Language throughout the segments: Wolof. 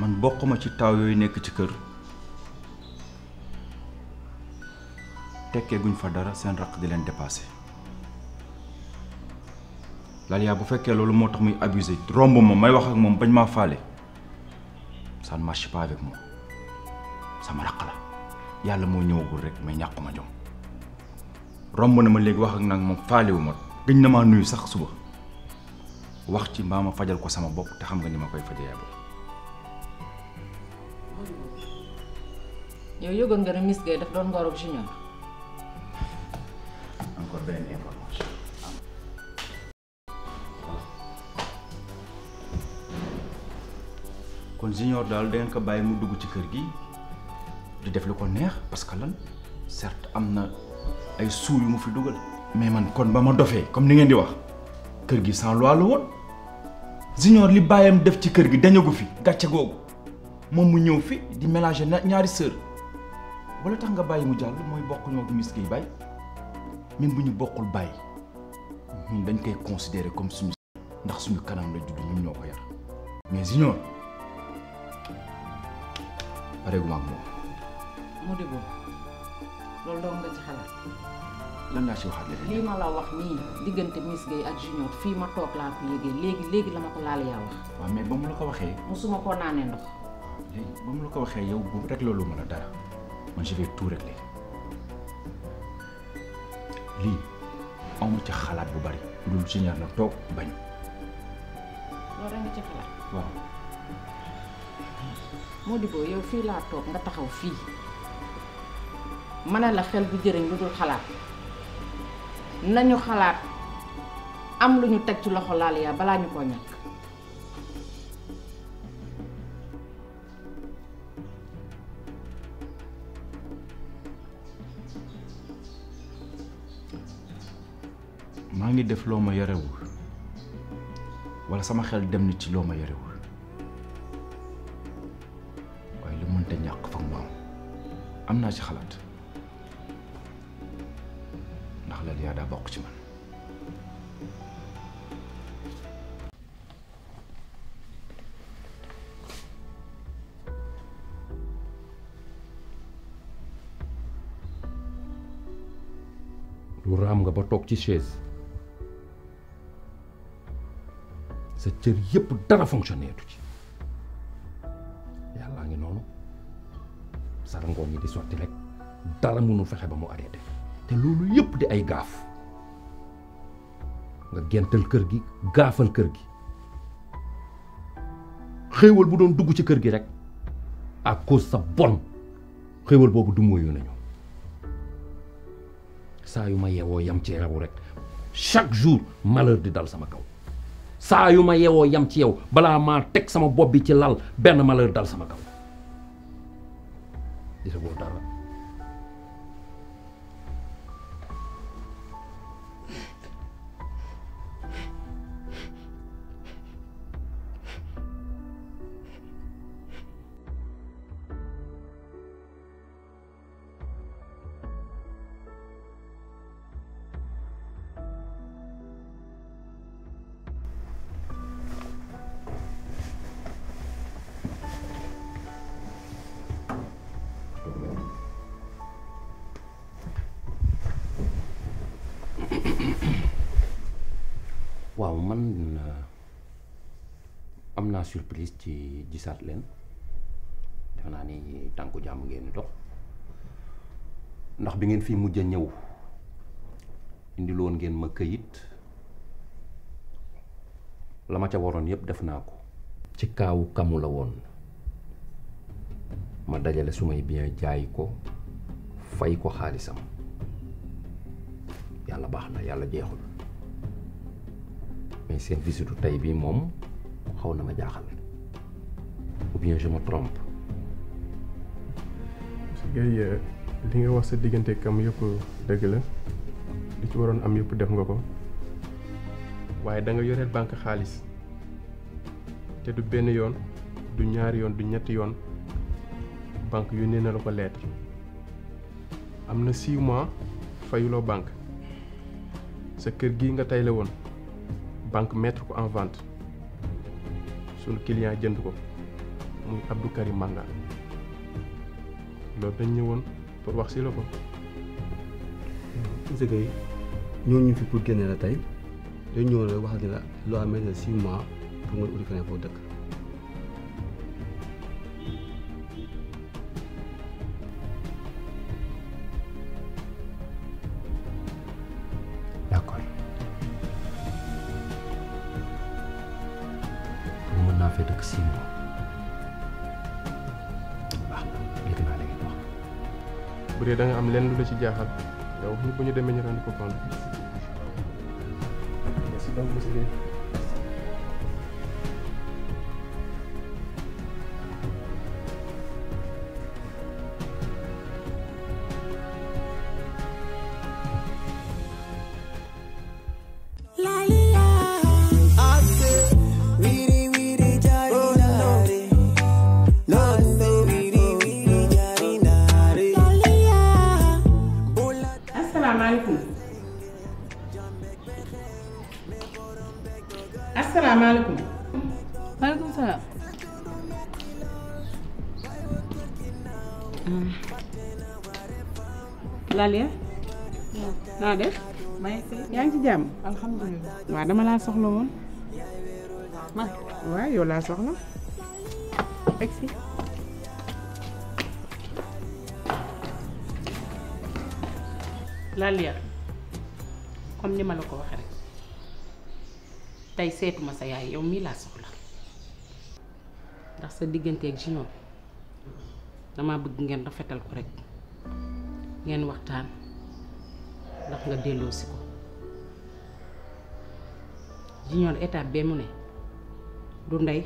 man bokkuma ci taaw yooyu nekk ci kër tekkee guñ fa dara seen raq di leen dépassé Lalla bu fekkee loolu moo tax muy abusé romb ma may wax ak moom bañ maa faale san ne marche sama raq la yàlla moo ñëwagul rek mais ma jom romb na ma léegi wax ak nag moom faale ma gëñ na maa nuyu sax suba wax ci mbaa ma fajal ko sama bopp te xam nga ni ma koy faje yàlla yow yëgoon nga ne Miss Gueye daf doon ngoroog junior kon junior daal dangeen ko bàyyi mu dugg ci kër gi di def li ko neex parce que lan certes am na ay suu mu fi dugal mais man kon ba ma dofee comme ni ngeen di wax kër gi sans loi la woon junior li bàyyam def ci kër gi dañagu fi gàcce googu moom mu ñëw fi di mélanger ñaari sër wala tax nga bàyyi mu jàll mooy bokkuñoo ñoo ak Miss Guèye Baye bu ñu bokkul bàyyi ñun dañ koy considérer comme suñu ndax suñu kanam la judd ñun ñoo ko yar mais Junior pareeguma ak moom. mu di loolu doon nga ci xalaat. lan laa ci waxaat léegi. lii ma la wax nii diggante Miss Guèye ak Junior fii ma toog laa ko yëgee léegi léegi la ma ko laal yaa wax. waaw mais ba mu la ko waxee. musuma koo naanee ndox. ba mu la ko waxee yow bu rek loolu mën a dara. lii awma ci xalaat bu bari lu dul génial la toog bañ. loolu rek nga yow fii laa toog nga taxaw fii mën la xel bu jëriñ lu dul xalaat nañu xalaat am lu ñu teg ci loxo laal yaa balaa ñu ko ñaan. maa ngi def loo ma yorewul walla sama xel dem na ci loo ma yorewul waaye lu mënta ñàkk foog mu am am naa ci xalaat ndax loolu yaa daa bokk ci man. nga ba toog ci chaise. cër yëpp dara fonctionné tu ci yàlla ngi noonu sarangoon yi di sotti rek dara mënul fexe ba mu arrêté te loolu yëpp di ay gaaf nga gental kër gi gaafal kër gi xéewal bu doon dugg ci kër gi rek ak cause sa bon xéewal boobu du mooyu nañu saa yu ma yeewoo yam ci rewu rek chaque jour malheur di dal sama kaw saa yu ma yewoo yam ci yow balaa maa teg sama bopp bi ci lal benn malheur dal sama kaw man euh, am naa surprise ci jisaat leen def naa ni tànku jàmm ngeen dox ndax bi ngeen fi mujj ñëw indiloon ngeen ma këyit la ma ca waroon yépp def naa ko. ci kaawu kamu la woon ma dajale sumay bien jaay ko fay ko xaalisam yàlla baax na yàlla jeexul. mais seen visite tey bii moom xaw na ma jaaxal ou bien je me trompe. Guèye euh, li wax sa diggante kam yëpp dëgg la li ci waroon am yëpp def nga ko waaye danga nga yoreel banque xaalis te du benn yoon du ñaari yoon du ñetti yoon banque yónnee na la ko lettre am na six mois fayuloo banque sa kër gii nga tayle woon. banque mettre ko en vente sunu client jënd ko muy Abdou Karim Manga loolu dañ woon pour wax si la ko. monsieur Guèye ñoo ñu fi pour génne la tey dañ ñëwoon rek wax ni la loo amee ne six mois pour nga uti feneen foo dëkk. jaaxal yow bu ñu ko ñu demee ñu rendre ko compte. merci beaucoup monsieur Guèye Dalia. naa def. maa ngi yaa ngi ci jàmm. alhamdulilah. waaw dama laa soxla woon. ma waaw yow laa soxla. egg si. Dalia comme ni ma la ko waxee rek tey seetuma sa yaay yow mii laa soxla ndax sa digganteeg junior dama bëgg ngeen rafetal ko rek. ngeen waxtaan ndax nga delloo si ko junior étape bee mu ne du ndey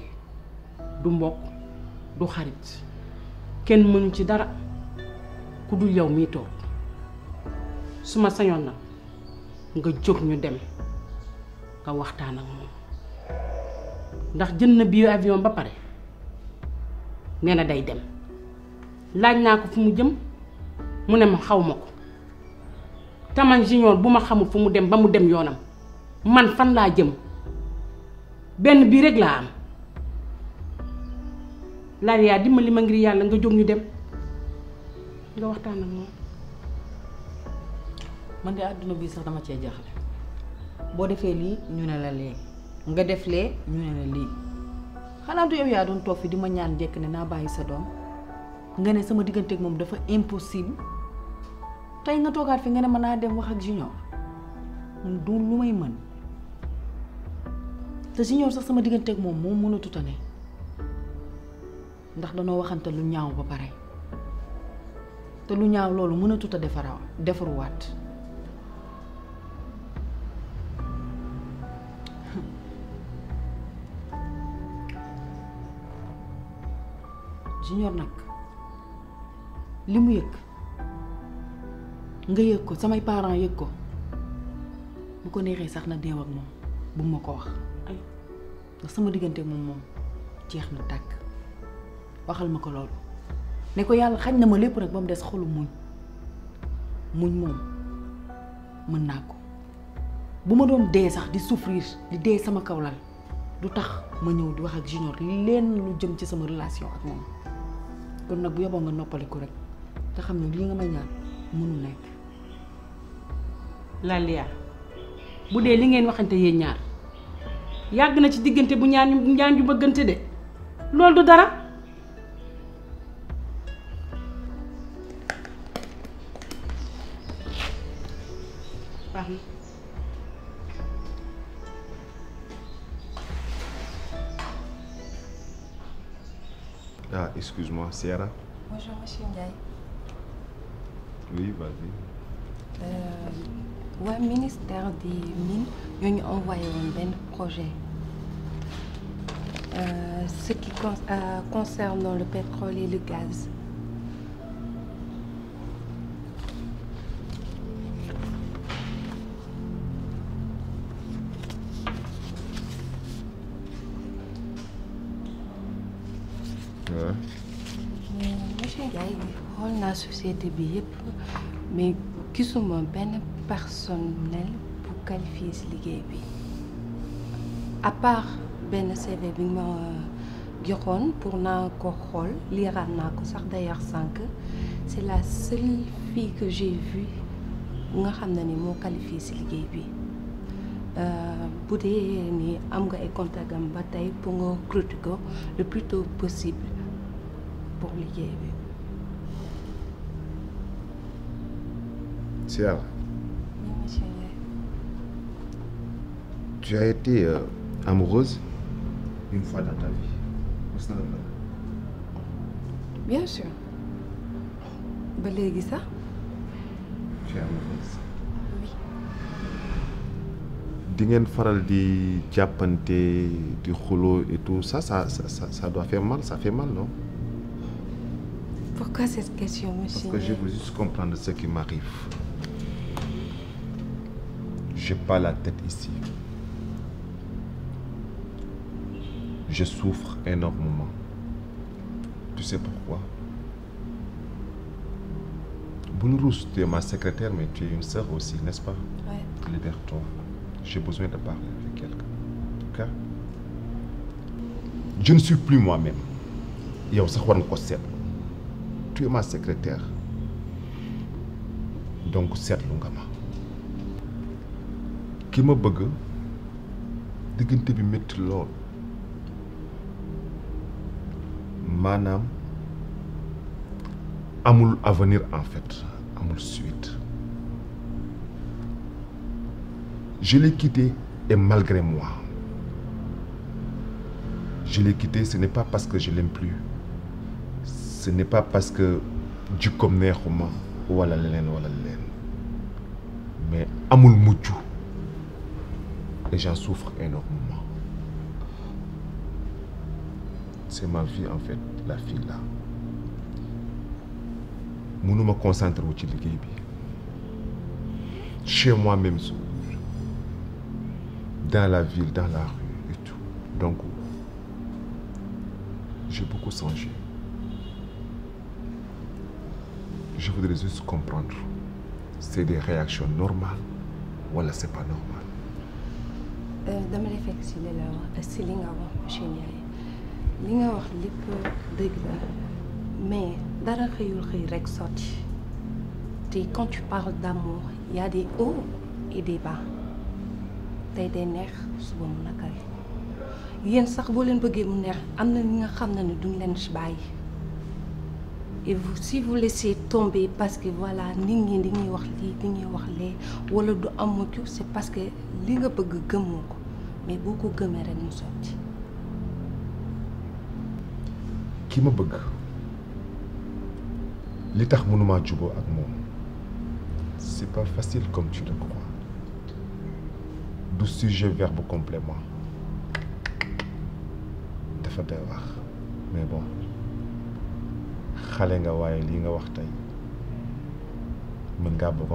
du mbokk du xarit kenn mënu ci dara ku dul yow miy toog su ma sañoon nag nga jóg ñu dem nga waxtaan ak moom ndax jën na bii avion ba pare nee day dem laaj naa ko fu mu jëm mu ne ma xaw ma ko taman bu ma xamul fu mu dem ba mu dem yoonam man fan laa jëm benn bii rek laa am laaj yaa dimbali ma ngir yàlla nga jóg ñu dem nga waxtaan ak moom. man de àdduna bii sax dama cee jaaxle boo defee lii ñu ne la lee nga def lee ñu ne la lii xalaatu yow yaa doon toog fi di ma ñaan njëkk ne naa bàyyi sa doom nga ne sama diggante ak moom dafa impossible. tey nga toogaat fi nga ne mën naa dem wax ak junior mun du lu may mën te junior sax sama diggante ak moom moom mën a tutane ndax danoo waxante lu ñaaw ba pare te lu ñaaw loolu mën a tuta defara defaruwaat junior nag li mu yëg nga yëg ko samay parents yëg ko bu ko neexee sax na deew ak moom bu ma ko wax ay ndax sama diggante moom moom jeex na tàkk waxal ma ko loolu ne ko yàlla xañ na ma lépp rek ba mu des xolu muñ muñ moom mën naa ko bu ma doon dee sax di souffrir di dee sama kawlal du tax ma ñëw di wax ak junior leen lu jëm ci sama relation ak moom kon nag bu yoboo nga noppaliku rek te xam ne lii nga may ñaan mënu nekk Laliya bu dee li ngeen waxante yéen ñaar yàgg na ci diggante bu ñaan ñaan yu bëggante de loolu du dara baax na ah, waa ministère des mines ñoo envoyé woon benn projet euh, ce qui con euh, le pétrole et le gaz euh, bi yëpp gisuma benn personnel bu qualifier si liggéey bi à part benn CV bi ma euh, joxoon pour naa ko xool liiraat naa ko sax d'ailleurs sànq c'est la seule fille que j'ai vue nga xam na ni moo qualifié si liggéey bi euh, bu dee ni am nga ay contactam ba tey pour nga recruter ko le plus tôt possible pour liggéey bi si yàlla. tu as été euh, amoureuse. une fois ba léegi sax. tu ngeen faral di jàppante di xuloo et tout ça ça ça ça ça mal ça fait mal non. pourquoi cette question monsieur. parce que je veux juste comprendre ce J'ai pas la tête ici. Je souffre énormément. Tu sais pourquoi Boulrous, tu es ma secrétaire, mais tu es une sœur aussi, n'est-ce pas Ouais. J'ai besoin de parler avec quelqu'un. Je ne suis plus moi-même. yow sax war ko seetlu tu es ma secrétaire donc seetlu nga ki ma bëgg diggante bi métti lool maanaam amul avenir en fait amul suite je l'ai quitté et malgré moi je l'ai quitté ce n'est pas parce que je l'aime plus ce n'est pas parce que jikkoom neexuma wala leneen wala leneen mais amul mujj et j'en souffre énormément. C'est ma vie en fait, la fille là. mënuma concentré wu ci liggéey bi chez moi même su dans la ville dans la rue et tout donc j'ai beaucoup changé je voudrais juste comprendre c'est des réactions normales wala c'est pas normal Euh, dama lay fekk si li la wax euh, si li nga wax monsieur Ndiaye li nga wax lépp dëgg la mais dara xëyul xëy rekk sotti te quand tu parles d'amour y a des hauts et tey day neex suba mu naka yéen sax boo leen bëggee mu neex am na ñi nga xam na ni duñ leen si bàyyi et vous si vous laissez tomber parce que voilà nit ñi ñuy wax lii dañuy wax lee wala du am mucc c'est parce que li nga bëgg gëmoo ko mais boo ko gëmee rek mu sotti. ki ma bëgg li tax mënuma juboo ak moom c'est pas facile comme tu le crois du sujet verbe complément dafa day wax mais bon. xale nga waaye lii nga wax tey mën ngaa bokk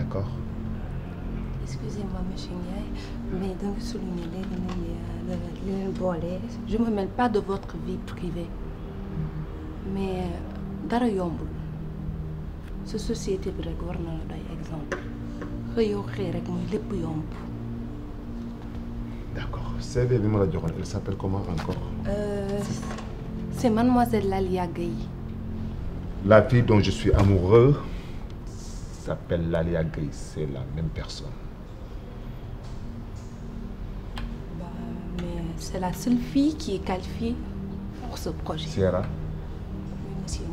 ak excusez-moi monsieur Ndiaye mais da nga souligner léegi ne li leen boole je me mêle pas de votre vie privée mais euh, dara yombul sa société bi rek war na la doy exemple xëyoo xëy rek muy lépp yomb. d' accord CV bi ma la joxoon elle s' appelle comment encore. Euh, c' est mademoiselle Lalia Gueye. la fille dont je suis amoureux s'appelle Lalia Gueye la même personne. mais c' la seule fille qui est qualifiée pour ce projet. Sierra. oui monsieur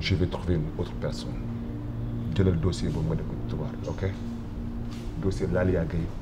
je vais trouver une autre personne jëlal dossier dossier Lalia Gueye.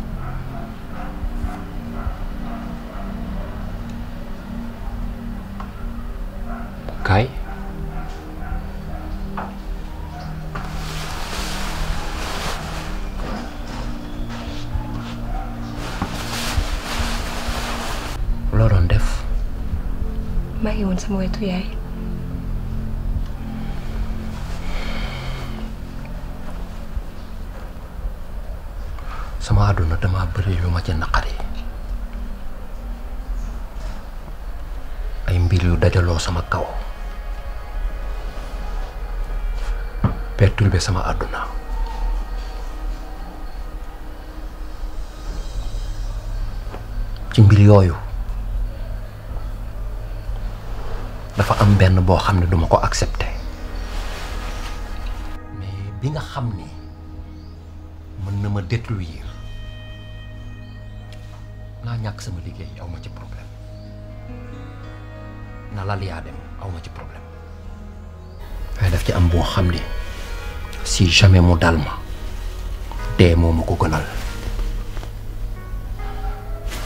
semua itu sama aduna dama bëri yu ma ci naqari ay mbir yu dajaloo sama kaw perturbé sama àdduna ci mbir yooyu dafa am benn boo xam ne duma ko accepte mais bi nga xam ni mën na ma détruire naa ñàkk sama liggéey aw ma ci problème na yaa dem aw ma ci problème waaye daf ci am boo xam ni si jamais mu dal ma dee moo ma ko gënal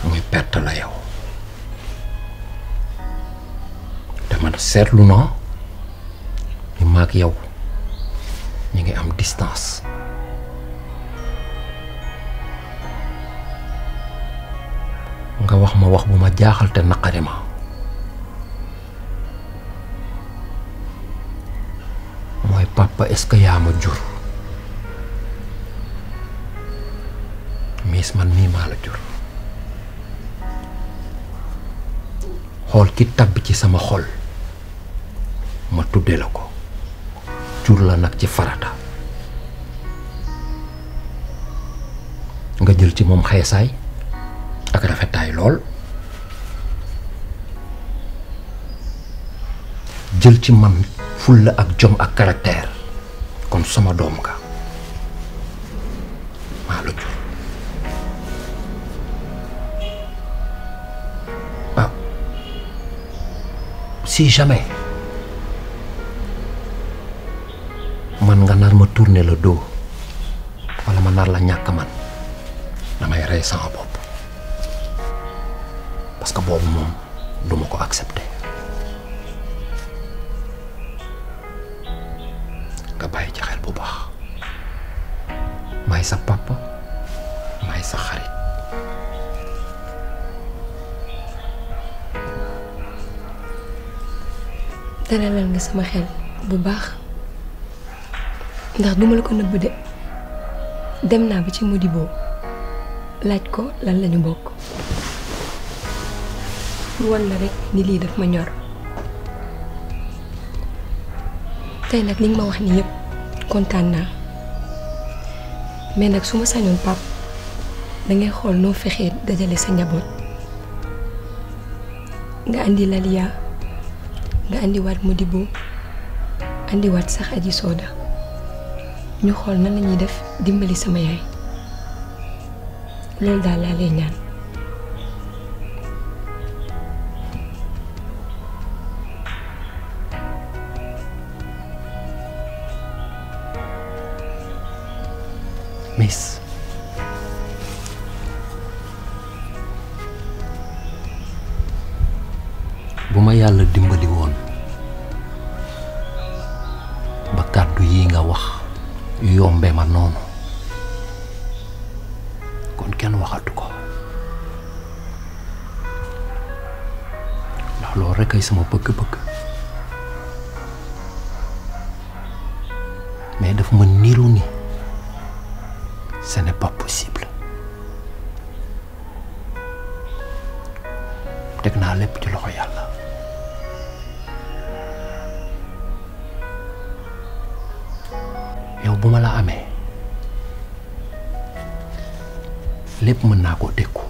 muy perte la yow man seetlu naa ni maak yow ñu ngi am distance nga wax ma wax bu ma jaaxalte te ma mooy papa est-ce que ma jur miis man mii jur xool ki tàbb ci sama xol ma tuddee la ko jur la nag ci farata nga jël ci moom xeesaay ak rafetaay lool jël ci man fulla ak jom ak caractère kon sama doom nga maa la jur waaw si jamais tourner le dos wala ma nar la ñàkk man damay rey sama bopp parce que boobu moom du ko accepter nga bàyyi ci xel bu baax may sa papa may sa xarit dalalal nga sama xel bu baax ndax duma la ko nëbb de dem naa ba ci mu Modibo laaj ko lan lañu bokk pour wan la ni lii daf ma ñor tey nag liñ nga ma wax nii yépp kontaan naa mais nag su ma sañoon pap dangay xool noo fexee dajale sa njaboot nga andi Laliya nga andi waat Modibo andi sax aji sooda ñu xool nan la ñuy def dimbali sama yaay loolu daal laa lay ñaan. lépp mën naa koo dékku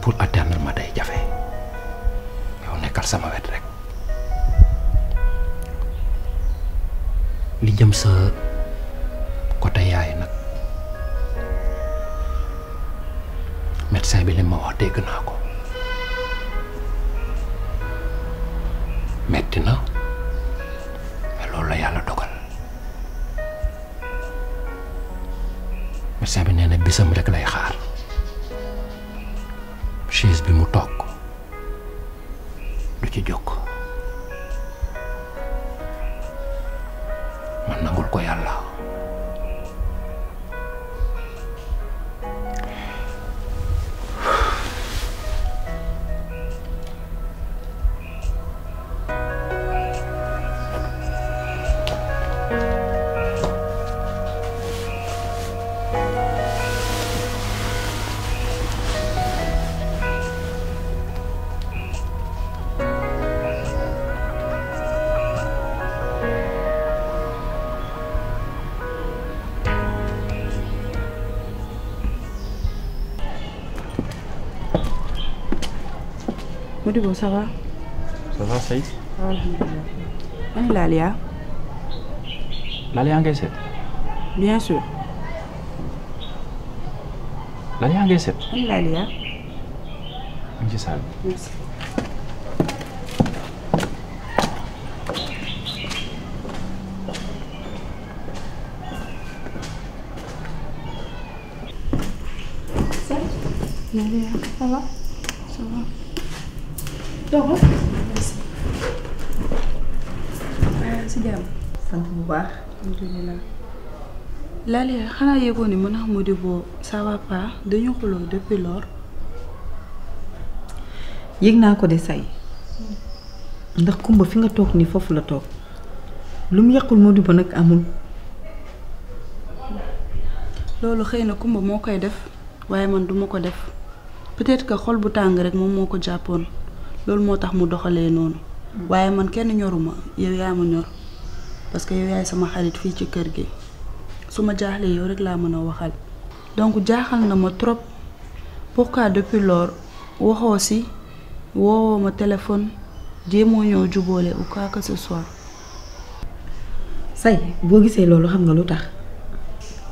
pour atteindre ma day jafe yow nekkal sama wet rek li jëm sa côté yaay nag médecin bi li ma wax dégg Modibo ça va. ça va Seydou. alhamdulilah. maa ngi laal yaa. laal yaa ngay seet. bien sûr. laal yaa ngay seet. maa ngi laal yaa. mu ngi ci saal bi. merci. Nalia, ça va? Ça va. doom si bu baax alhamdulilah laali xanaa yëgoon ni mën a xamu di boo ça va pas dañu xuloo depuis lors yëg naa ko de say ndax kumba fi nga toog nii foofu la toog lu mu yàqul moo di ba nag amul loolu xëy na kumba moo koy def waaye man duma ko def peut-être que xol bu tàng rek moom moo ko jàppoon loolu moo tax mu doxalee noonu mm. waaye man kenn ñoruma yow yaa ma ñor parce que yow yaay sama xarit fii ci kër gi su ma jaaxlee yow rek laa mën a waxal donc jaaxal na ma trop pourquoi depuis lors waxoo si woowoo ma téléphone jéemoo ñëw jubóole ou quoi que ce soit say boo gisee loolu xam nga lu tax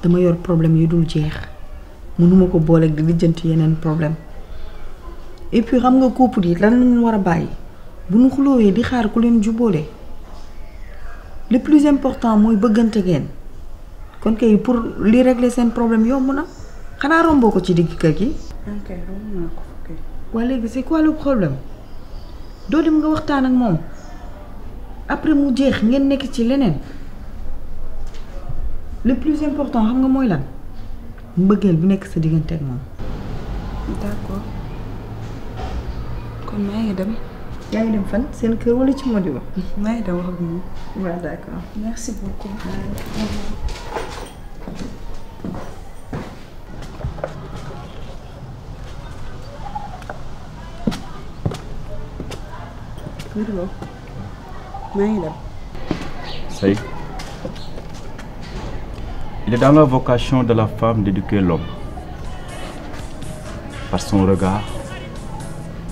dama yor problème yi dul jeex mënuma ko booleeg di lijjanti yeneen problème et puis xam nga couple yi lan lañ war a bàyyi bu ñu xuloowee di xaar ku leen juboole le plus important mooy bëggante ngeen kon kay pour li régler seen problème yomb na xanaa romboo ko ci digg kër gi. ok romb naa ko ok. léegi c'est quoi problème doo dem nga waxtaan ak moom après mu jeex ngeen nekk ci leneen le plus important xam nga mooy lan mu mbëggeel bu nekk sa diggante ak moom. maa ngi dem. yaa ngi dem fan seen kër wala ci Mody ba. maa ngi dem wax ak ngi dem. il est dans la vocation de la femme d'éduquer l'homme par son regard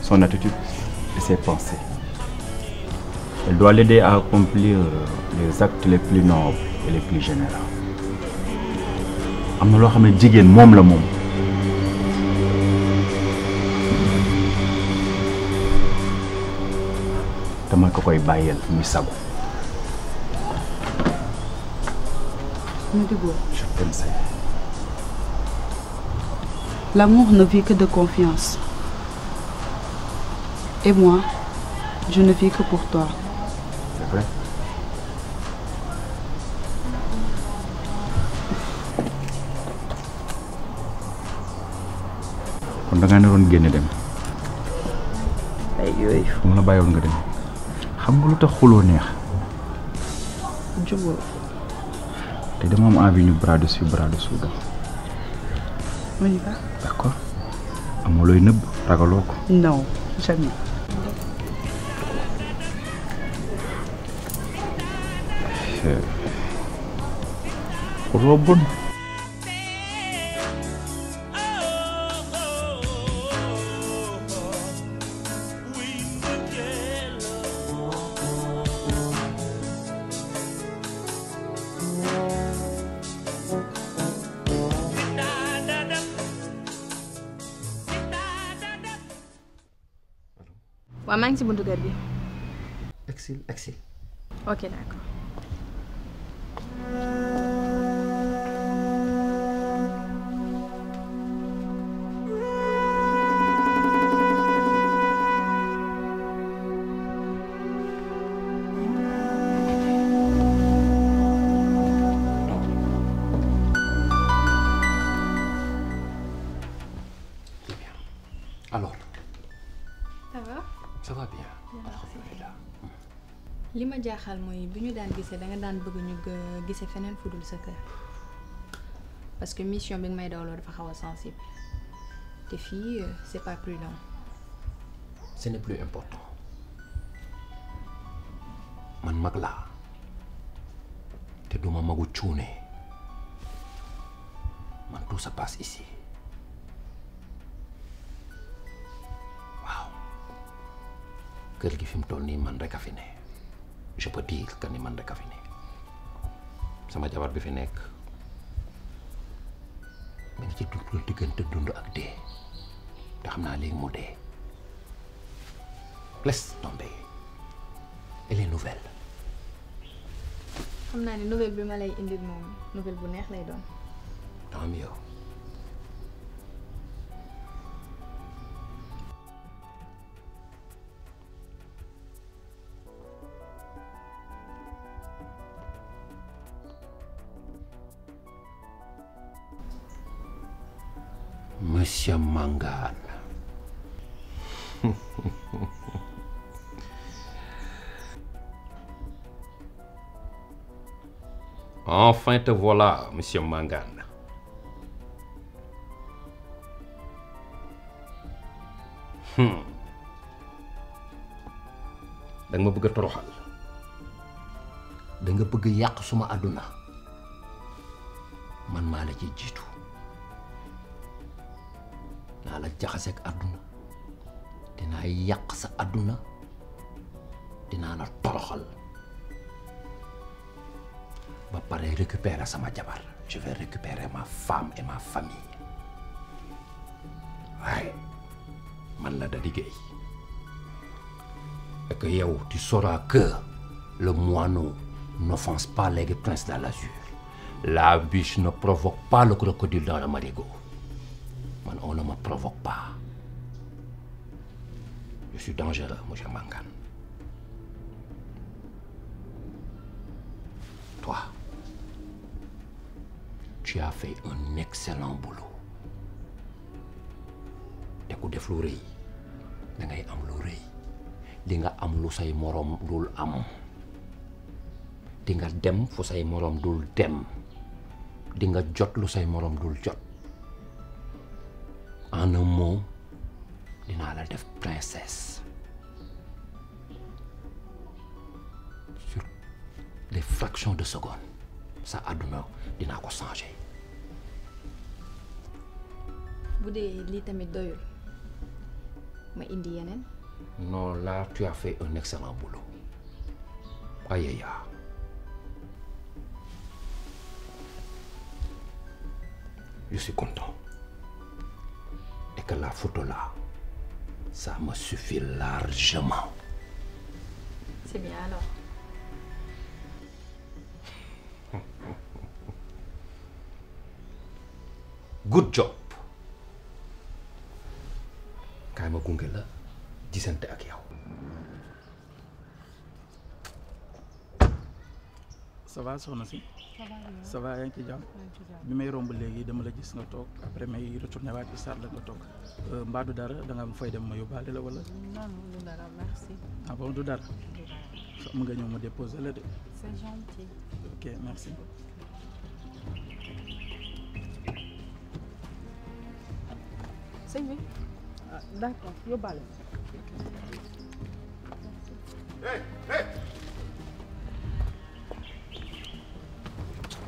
son attitude et ses pensées. Elle doit l'aider à accomplir les actes les plus nobles et les plus généraux. am na loo xam ne jigéen moom la moom. te mooy l'amour ne vit que de confiance. Et moi, je ne vis que pour toi. kon da ngaa doon génne dem. ay mu la bàyyoon nga dem xam nga lu tax xuloo neex. jubóo. te dama am envie ñu bras dessus bras dessous dox. on y d'accord amoo looy nëbb ragaloo ko. Robin. waaw maa ngi ci buntu kër gi. exil exil. ok d'accord. li ma mooy bu ñu daan gisee da nga daan bëgg ñu gisee feneen fudul sa kër que mission bi may dawloo dafa xaw a sensible te fii euh, c'est pas prudent. ce n'est man mag la te duma magu cuune man tout se passe ici waaw kër gi fi mu toll nii man rek a fi ne. je peux dire man rek a fi ne sama jabar bi fi nekk mi ngi ci dund diggante dund ak dee te xam naa léegi mu dee laisse tomber elle est nouvelle. xam naa ni nouvelle bi ma lay indil moom nouvelle bu neex lay doon. tant mieux. Mangala. Enfin te nga hmm. ma bëgg toroxal da nga bëgg yàq suma àdduna man maa la ci jiitu. dinaa la jaxaseeg àdduna dinaa yàq sa àdduna dinaa la toroxal ba pare récupérer sama jabar je vais récupérer ma femme et ma famille waaye man la da liggéey et que yow tu sauras que le moineau n'offense pas les princes dans l'azur la biche ne provoque pas le crocodile dans le marigot ne me provoque pas. Je suis dangereux, monsieur Mangan. Toi, tu fait un excellent boulot. te ku def lu rëy dangay am lu rëy di nga am lu say moroom dul am di nga dem fu say moroom dul dem di nga jot lu say moroom dul jot en un mot dinaa la def princesse sur des fractions de seconde sa àdduna dinaa ko changer. bu dee lii tamit doyul ma indi yeneen. non là tu un excellent boulot waaye yaa je content. que la photo là, ça me suffit largement. C'est Good job. kaay ma gunge la gisante ak yow. ça va soxna si. ça yaa ngi ci jàmm. bi may romb léegi dama la gis nga toog après may retourné waat ci salle la nga toog euh, mbaa du dara da nga am dem ma yóbbaale la wala. non du dara merci. Ah nga ñëw ma déposer la de.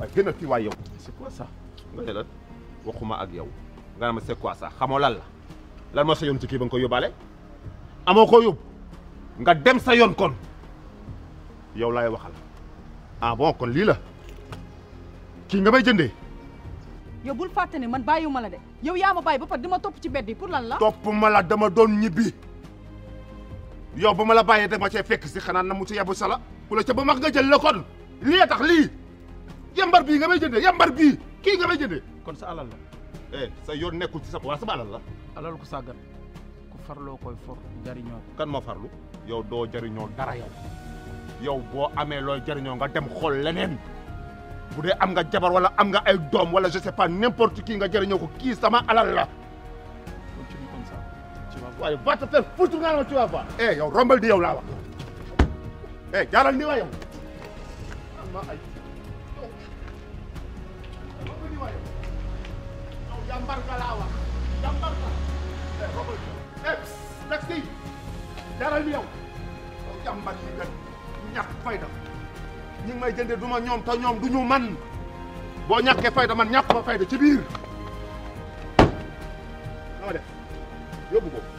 waaye génnal fii waay yow nga ne lan waxuma ak yow nga ne ma c'est quoi ça xamoo lan la lan moo sa yoon ci kii ba nga koy yóbbaale amoo koo yóbbu nga dem sa yoon kon yow laay waxal ah bon kon lii la kii nga may jëndee yow bul fàtte ne man bàyyiwuma la de yow yaa ma bàyyi ba par pare dama topp ci bedd yi pour lan la topp ma la dama doon ñibbi yow ba ma la bàyyee dama cee fekk si xanaa na mu ci yebu sala ku la ca ba mag nga jël la kon lii tax lii yambar bii nga may jëndee yambar bii kii nga may jëndee kon sa alal la eh sa yoon nekkul ci sa waa sama alal la alal ku sàggan ku farloo koy for jariñoo kan ma farlu yow doo jariñoo dara yow yow boo amee looy jariñoo nga dem xool leneen bu dee am nga jabar wala am nga ay doom wala je sais pas n'importe qui nga jariñoo ko kii sama alal la continue comme ça tu eh, yow rombal di yow laa wax eh jaaral waa yow jàmbarka laa wax jàmbarka eh Robert eh merci jaral mi yow jàmbar yi nga ñàkk fayda ñi ngi may jëndee du ma ñoom te ñoom du ñu man boo ñàkkee fayda man ñàkk ma fayda ci biir na ma def yóbbu ko.